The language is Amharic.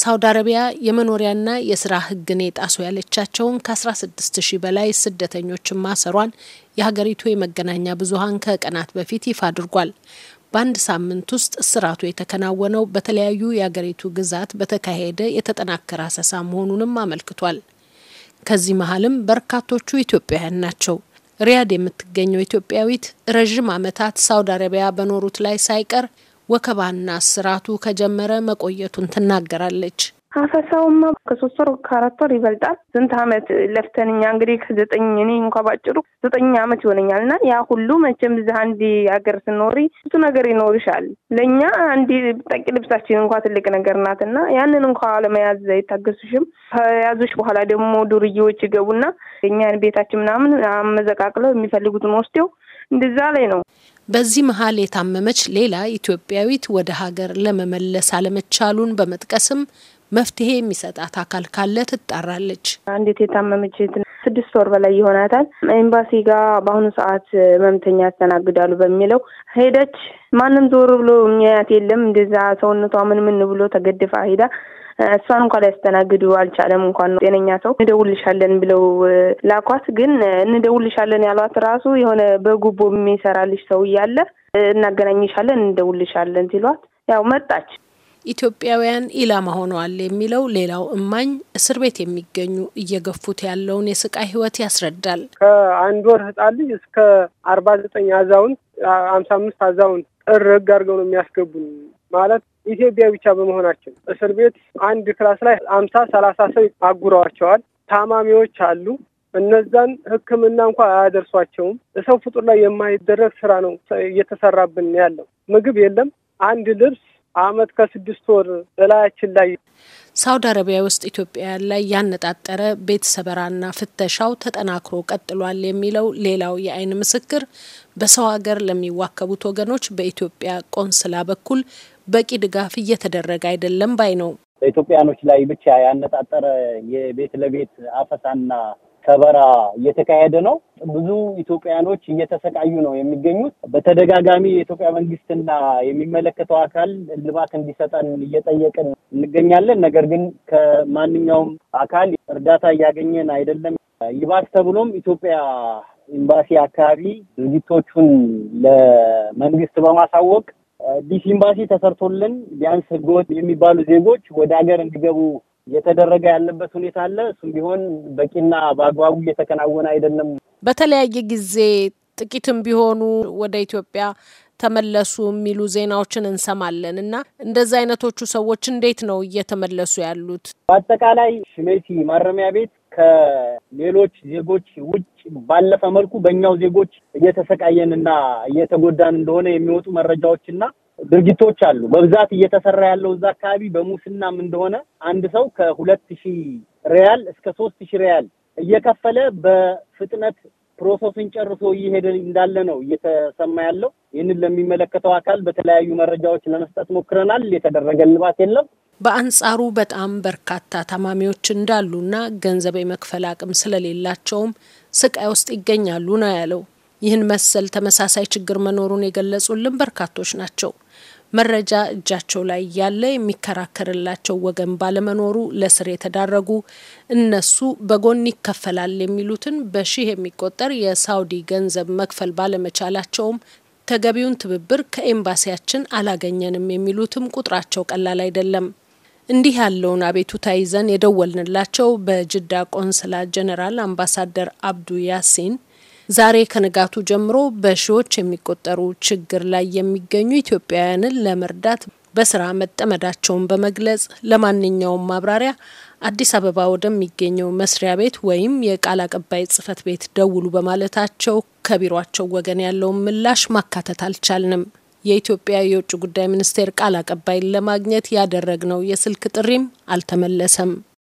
ሳውዲ አረቢያ የመኖሪያና የስራ ህግን የጣሱ ያለቻቸውን ከ16 ሺህ በላይ ስደተኞችን ማሰሯን የሀገሪቱ የመገናኛ ብዙሀን ከቀናት በፊት ይፋ አድርጓል። በአንድ ሳምንት ውስጥ እስራቱ የተከናወነው በተለያዩ የሀገሪቱ ግዛት በተካሄደ የተጠናከረ አሰሳ መሆኑንም አመልክቷል። ከዚህ መሀልም በርካቶቹ ኢትዮጵያውያን ናቸው። ሪያድ የምትገኘው ኢትዮጵያዊት ረዥም ዓመታት ሳውዲ አረቢያ በኖሩት ላይ ሳይቀር ወከባና ስራቱ ከጀመረ መቆየቱን ትናገራለች። አፈሳውማ ከሶስት ወር ከአራት ወር ይበልጣል። ስንት አመት ለፍተንኛ እንግዲህ ከዘጠኝ እኔ እንኳ ባጭሩ ዘጠኝ አመት ይሆነኛል እና ያ ሁሉ መቼም እዚህ አንድ ሀገር ስኖሪ ብዙ ነገር ይኖርሻል። ለእኛ አንድ ጠቂ ልብሳችን እንኳ ትልቅ ነገር ናት እና ያንን እንኳ ለመያዝ አይታገሱሽም። ከያዙሽ በኋላ ደግሞ ዱርዬዎች ይገቡና እኛን ቤታችን ምናምን አመዘቃቅለው የሚፈልጉትን ወስደው እንደዛ ላይ ነው በዚህ መሀል የታመመች ሌላ ኢትዮጵያዊት ወደ ሀገር ለመመለስ አለመቻሉን በመጥቀስም መፍትሄ የሚሰጣት አካል ካለ ትጣራለች። አንዲት የታመመች ስድስት ወር በላይ ይሆናታል። ኤምባሲ ጋር በአሁኑ ሰዓት መምተኛ ያስተናግዳሉ በሚለው ሄደች። ማንም ዞር ብሎ የሚያያት የለም። እንደዛ ሰውነቷ ምን ምን ብሎ ተገድፋ ሄዳ እሷን እንኳን ሊያስተናግዱ አልቻለም። እንኳን ጤነኛ ሰው እንደውልሻለን ብለው ላኳት። ግን እንደውልሻለን ያሏት ራሱ የሆነ በጉቦ የሚሰራልሽ ሰው እያለ እናገናኝሻለን፣ እንደውልሻለን ሲሏት ያው መጣች። ኢትዮጵያውያን ኢላማ ሆነዋል የሚለው ሌላው እማኝ እስር ቤት የሚገኙ እየገፉት ያለውን የስቃይ ህይወት ያስረዳል። ከአንድ ወር ሕጻን ልጅ እስከ አርባ ዘጠኝ አዛውንት አምሳ አምስት አዛውንት ጥርግ አድርገው ነው የሚያስገቡን ማለት ኢትዮጵያ ብቻ በመሆናችን እስር ቤት አንድ ክላስ ላይ አምሳ ሰላሳ ሰው አጉረዋቸዋል። ታማሚዎች አሉ። እነዛን ሕክምና እንኳ አያደርሷቸውም። ሰው ፍጡር ላይ የማይደረግ ስራ ነው እየተሰራብን ያለው። ምግብ የለም። አንድ ልብስ አመት ከስድስት ወር በላያችን ላይ ሳውዲ አረቢያ ውስጥ ኢትዮጵያውያን ላይ ያነጣጠረ ቤት ሰበራና ፍተሻው ተጠናክሮ ቀጥሏል የሚለው ሌላው የአይን ምስክር በሰው ሀገር ለሚዋከቡት ወገኖች በኢትዮጵያ ቆንስላ በኩል በቂ ድጋፍ እየተደረገ አይደለም ባይ ነው። በኢትዮጵያኖች ላይ ብቻ ያነጣጠረ የቤት ለቤት አፈሳና ሰበራ እየተካሄደ ነው። ብዙ ኢትዮጵያኖች እየተሰቃዩ ነው የሚገኙት። በተደጋጋሚ የኢትዮጵያ መንግስትና የሚመለከተው አካል እልባት እንዲሰጠን እየጠየቅን እንገኛለን። ነገር ግን ከማንኛውም አካል እርዳታ እያገኘን አይደለም። ይባስ ተብሎም ኢትዮጵያ ኤምባሲ አካባቢ ድርጊቶቹን ለመንግስት በማሳወቅ ዲስ ኤምባሲ ተሰርቶልን ቢያንስ ህገወጥ የሚባሉ ዜጎች ወደ ሀገር እንዲገቡ እየተደረገ ያለበት ሁኔታ አለ። እሱም ቢሆን በቂና በአግባቡ እየተከናወነ አይደለም። በተለያየ ጊዜ ጥቂትም ቢሆኑ ወደ ኢትዮጵያ ተመለሱ የሚሉ ዜናዎችን እንሰማለን እና እንደዚህ አይነቶቹ ሰዎች እንዴት ነው እየተመለሱ ያሉት? በአጠቃላይ ሽሜቲ ማረሚያ ቤት ከሌሎች ዜጎች ውጭ ባለፈ መልኩ በእኛው ዜጎች እየተሰቃየን እና እየተጎዳን እንደሆነ የሚወጡ መረጃዎች እና ድርጊቶች አሉ። በብዛት እየተሰራ ያለው እዛ አካባቢ በሙስናም እንደሆነ አንድ ሰው ከሁለት ሺህ ሪያል እስከ ሶስት ሺህ ሪያል እየከፈለ በፍጥነት ፕሮሰሱን ጨርሶ እየሄደ እንዳለ ነው እየተሰማ ያለው። ይህንን ለሚመለከተው አካል በተለያዩ መረጃዎች ለመስጠት ሞክረናል። የተደረገ ልባት የለም። በአንጻሩ በጣም በርካታ ታማሚዎች እንዳሉና ገንዘብ የመክፈል አቅም ስለሌላቸውም ስቃይ ውስጥ ይገኛሉ ነው ያለው። ይህን መሰል ተመሳሳይ ችግር መኖሩን የገለጹልን በርካቶች ናቸው። መረጃ እጃቸው ላይ ያለ የሚከራከርላቸው ወገን ባለመኖሩ ለስር የተዳረጉ እነሱ በጎን ይከፈላል የሚሉትን በሺህ የሚቆጠር የሳውዲ ገንዘብ መክፈል ባለመቻላቸውም ተገቢውን ትብብር ከኤምባሲያችን አላገኘንም የሚሉትም ቁጥራቸው ቀላል አይደለም። እንዲህ ያለውን አቤቱታ ይዘን የደወልንላቸው በጅዳ ቆንስላ ጄኔራል አምባሳደር አብዱ ያሲን ዛሬ ከንጋቱ ጀምሮ በሺዎች የሚቆጠሩ ችግር ላይ የሚገኙ ኢትዮጵያውያንን ለመርዳት በስራ መጠመዳቸውን በመግለጽ ለማንኛውም ማብራሪያ አዲስ አበባ ወደሚገኘው መስሪያ ቤት ወይም የቃል አቀባይ ጽህፈት ቤት ደውሉ በማለታቸው ከቢሮቸው ወገን ያለውን ምላሽ ማካተት አልቻልንም። የኢትዮጵያ የውጭ ጉዳይ ሚኒስቴር ቃል አቀባይን ለማግኘት ያደረግነው የስልክ ጥሪም አልተመለሰም።